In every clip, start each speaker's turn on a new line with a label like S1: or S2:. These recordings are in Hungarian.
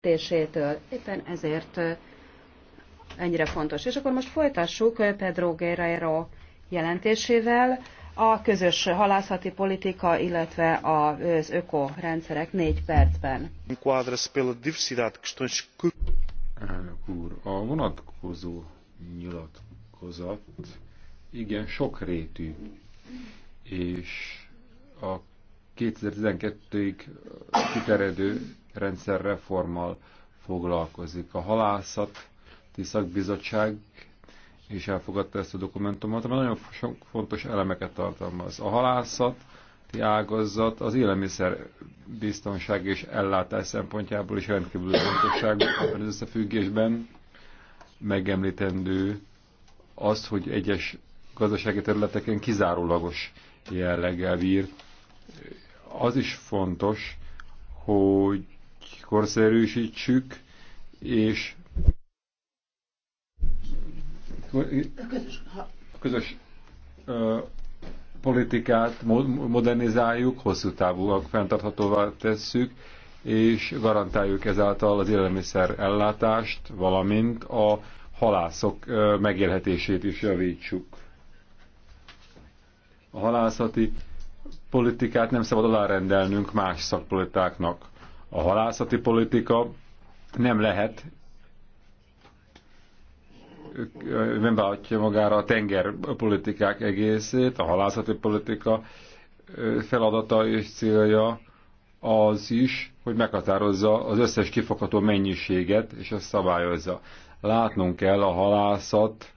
S1: tésétől. Éppen ezért ennyire fontos. És akkor most folytassuk Pedro Guerrero jelentésével a közös halászati politika, illetve az ökorendszerek négy percben.
S2: Elnök úr, a vonatkozó nyilatkozat igen sokrétű, és a 2012-ig kiteredő rendszerreformmal foglalkozik. A halászati szakbizottság és elfogadta ezt a dokumentumot, mert nagyon fontos elemeket tartalmaz. A halászat, ágazat az élelmiszer biztonság és ellátás szempontjából is rendkívül fontosságú mert az összefüggésben megemlítendő az, hogy egyes gazdasági területeken kizárólagos jelleggel bír az is fontos, hogy korszerűsítsük, és a közös ö, politikát modernizáljuk, hosszú távúak fenntarthatóvá tesszük, és garantáljuk ezáltal az élelmiszer ellátást, valamint a halászok megélhetését is javítsuk. A halászati politikát nem szabad alárendelnünk más szakpolitáknak A halászati politika nem lehet nem beadja magára a tengerpolitikák egészét, a halászati politika feladata és célja az is, hogy meghatározza az összes kifogható mennyiséget, és azt szabályozza. Látnunk kell a halászat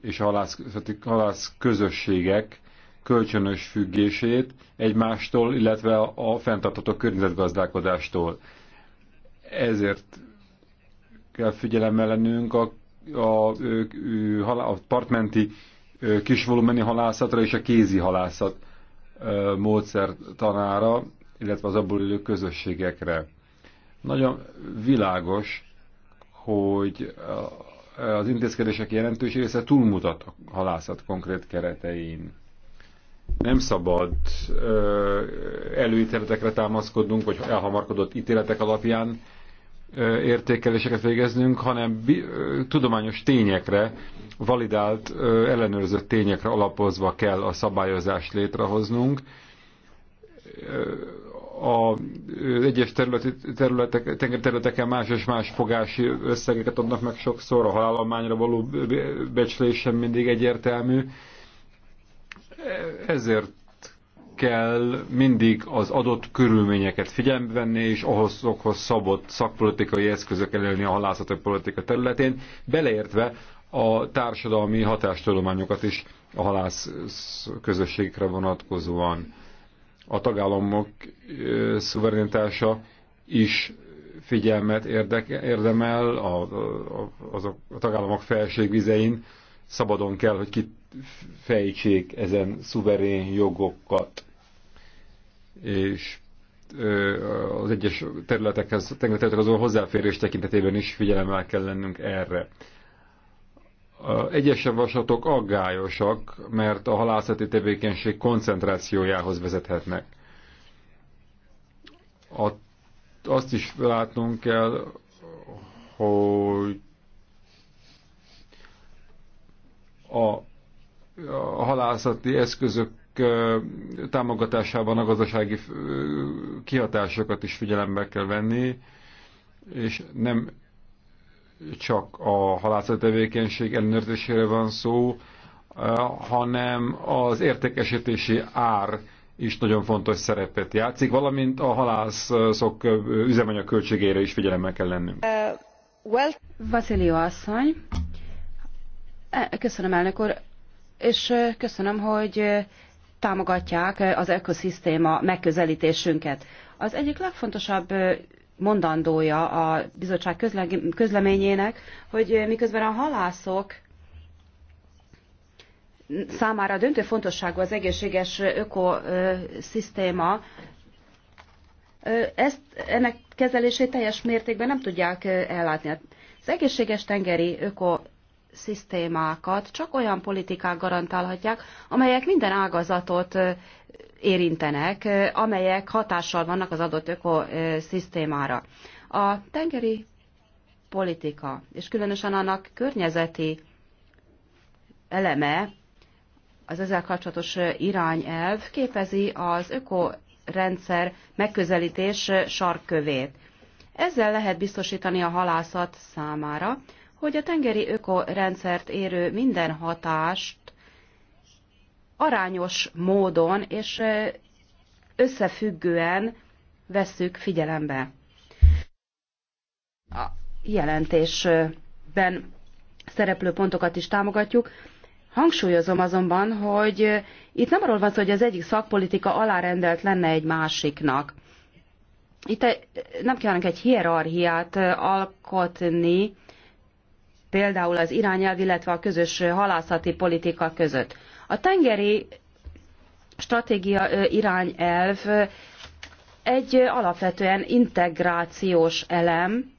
S2: és a halász, halász közösségek kölcsönös függését egymástól, illetve a fenntartató környezetgazdálkodástól. Ezért kell figyelemmel lennünk a, a, a, a partmenti kis volumeni halászatra és a kézi halászat módszertanára, illetve az abból élő közösségekre. Nagyon világos, hogy az intézkedések jelentős része túlmutat a halászat konkrét keretein. Nem szabad ö, előítéletekre támaszkodnunk, vagy elhamarkodott ítéletek alapján ö, értékeléseket végeznünk, hanem bi, ö, tudományos tényekre, validált, ö, ellenőrzött tényekre alapozva kell a szabályozást létrehoznunk. Ö, a egyes területi, területek, területeken más és más fogási összegeket adnak meg sokszor, a halállományra való becslés sem mindig egyértelmű, ezért kell mindig az adott körülményeket figyelembe venni, és ahhoz, ahhozokhoz szabott szakpolitikai eszközök elérni a halászati politika területén, beleértve a társadalmi hatástudományokat is a halász közösségre vonatkozóan. A tagállamok szuverenitása is figyelmet érdeke, érdemel, a, a, a, a tagállamok felségvizein szabadon kell, hogy kit fejtsék ezen szuverén jogokat, és az egyes területekhez, területek azon hozzáférés tekintetében is figyelemmel kell lennünk erre. A egyes javaslatok aggályosak, mert a halászati tevékenység koncentrációjához vezethetnek. A, azt is látnunk kell, hogy a halászati eszközök támogatásában a gazdasági kihatásokat is figyelembe kell venni, és nem csak a halászati tevékenység ellenőrzésére van szó, hanem az értékesítési ár is nagyon fontos szerepet játszik, valamint a halászok üzemanyag költségére is figyelemmel kell lennünk.
S1: Uh, well... Vasilio asszony, e, köszönöm elnök úr, és köszönöm, hogy támogatják az ökoszisztéma megközelítésünket. Az egyik legfontosabb mondandója a bizottság közleményének, hogy miközben a halászok számára döntő fontosságú az egészséges ökoszisztéma, ezt, ennek kezelését teljes mértékben nem tudják ellátni. Az egészséges tengeri öko szisztémákat csak olyan politikák garantálhatják, amelyek minden ágazatot érintenek, amelyek hatással vannak az adott ökoszisztémára. A tengeri politika, és különösen annak környezeti eleme, az ezzel kapcsolatos irányelv képezi az ökorendszer megközelítés sarkkövét. Ezzel lehet biztosítani a halászat számára, hogy a tengeri ökorendszert érő minden hatást arányos módon és összefüggően vesszük figyelembe. A jelentésben szereplő pontokat is támogatjuk. Hangsúlyozom azonban, hogy itt nem arról van szó, hogy az egyik szakpolitika alárendelt lenne egy másiknak. Itt nem kívánunk egy hierarchiát alkotni, például az irányelv, illetve a közös halászati politika között. A tengeri stratégia irányelv egy alapvetően integrációs elem,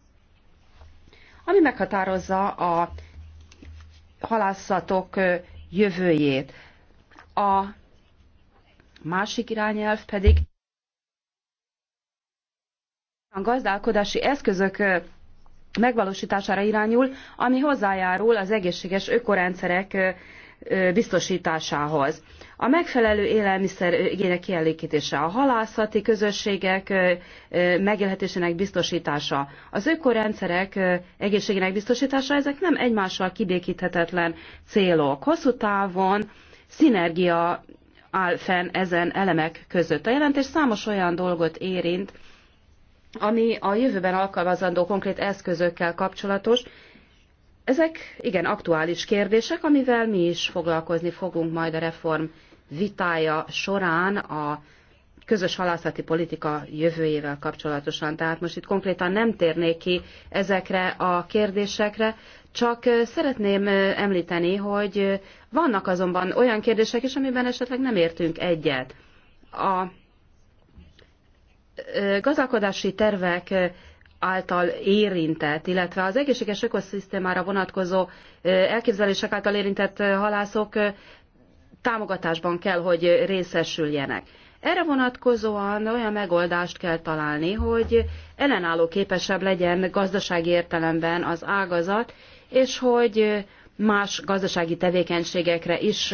S1: ami meghatározza a halászatok jövőjét. A másik irányelv pedig a gazdálkodási eszközök megvalósítására irányul, ami hozzájárul az egészséges ökorendszerek biztosításához. A megfelelő élelmiszer igények kielégítése, a halászati közösségek megélhetésének biztosítása, az ökorendszerek egészségének biztosítása, ezek nem egymással kibékíthetetlen célok. Hosszú távon szinergia áll fenn ezen elemek között. A jelentés számos olyan dolgot érint, ami a jövőben alkalmazandó konkrét eszközökkel kapcsolatos. Ezek igen aktuális kérdések, amivel mi is foglalkozni fogunk majd a reform vitája során a közös halászati politika jövőjével kapcsolatosan. Tehát most itt konkrétan nem térnék ki ezekre a kérdésekre, csak szeretném említeni, hogy vannak azonban olyan kérdések is, amiben esetleg nem értünk egyet. A gazdálkodási tervek által érintett, illetve az egészséges ökoszisztémára vonatkozó elképzelések által érintett halászok támogatásban kell, hogy részesüljenek. Erre vonatkozóan olyan megoldást kell találni, hogy ellenálló képesebb legyen gazdasági értelemben az ágazat, és hogy más gazdasági tevékenységekre is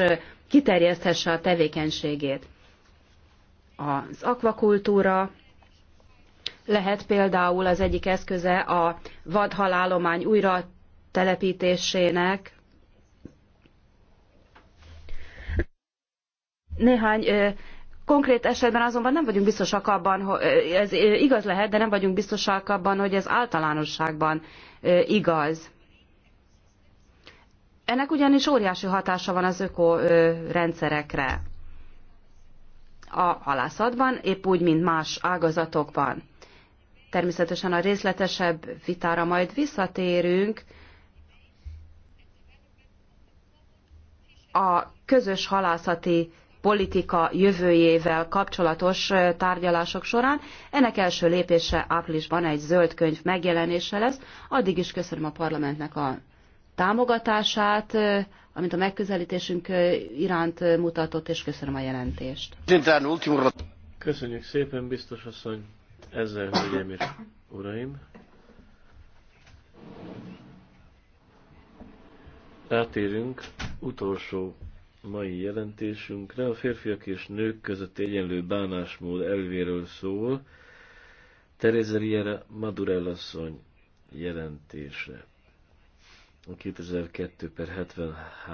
S1: kiterjeszthesse a tevékenységét. Az akvakultúra, lehet például az egyik eszköze a vadhalállomány újra telepítésének. Néhány Konkrét esetben azonban nem vagyunk biztosak abban, hogy ez igaz lehet, de nem vagyunk biztosak abban, hogy ez általánosságban igaz. Ennek ugyanis óriási hatása van az rendszerekre a halászatban, épp úgy, mint más ágazatokban. Természetesen a részletesebb vitára majd visszatérünk. A közös halászati politika jövőjével kapcsolatos tárgyalások során. Ennek első lépése áprilisban egy zöld könyv megjelenése lesz. Addig is köszönöm a parlamentnek a támogatását, amit a megközelítésünk iránt mutatott, és köszönöm a jelentést.
S2: Köszönjük szépen, biztos asszony! Ezzel, hölgyeim és uraim,
S1: rátérünk utolsó mai jelentésünkre. A férfiak és nők között egyenlő bánásmód elvéről szól Tereza Riera Madurellasszony jelentése. A 2002 per 73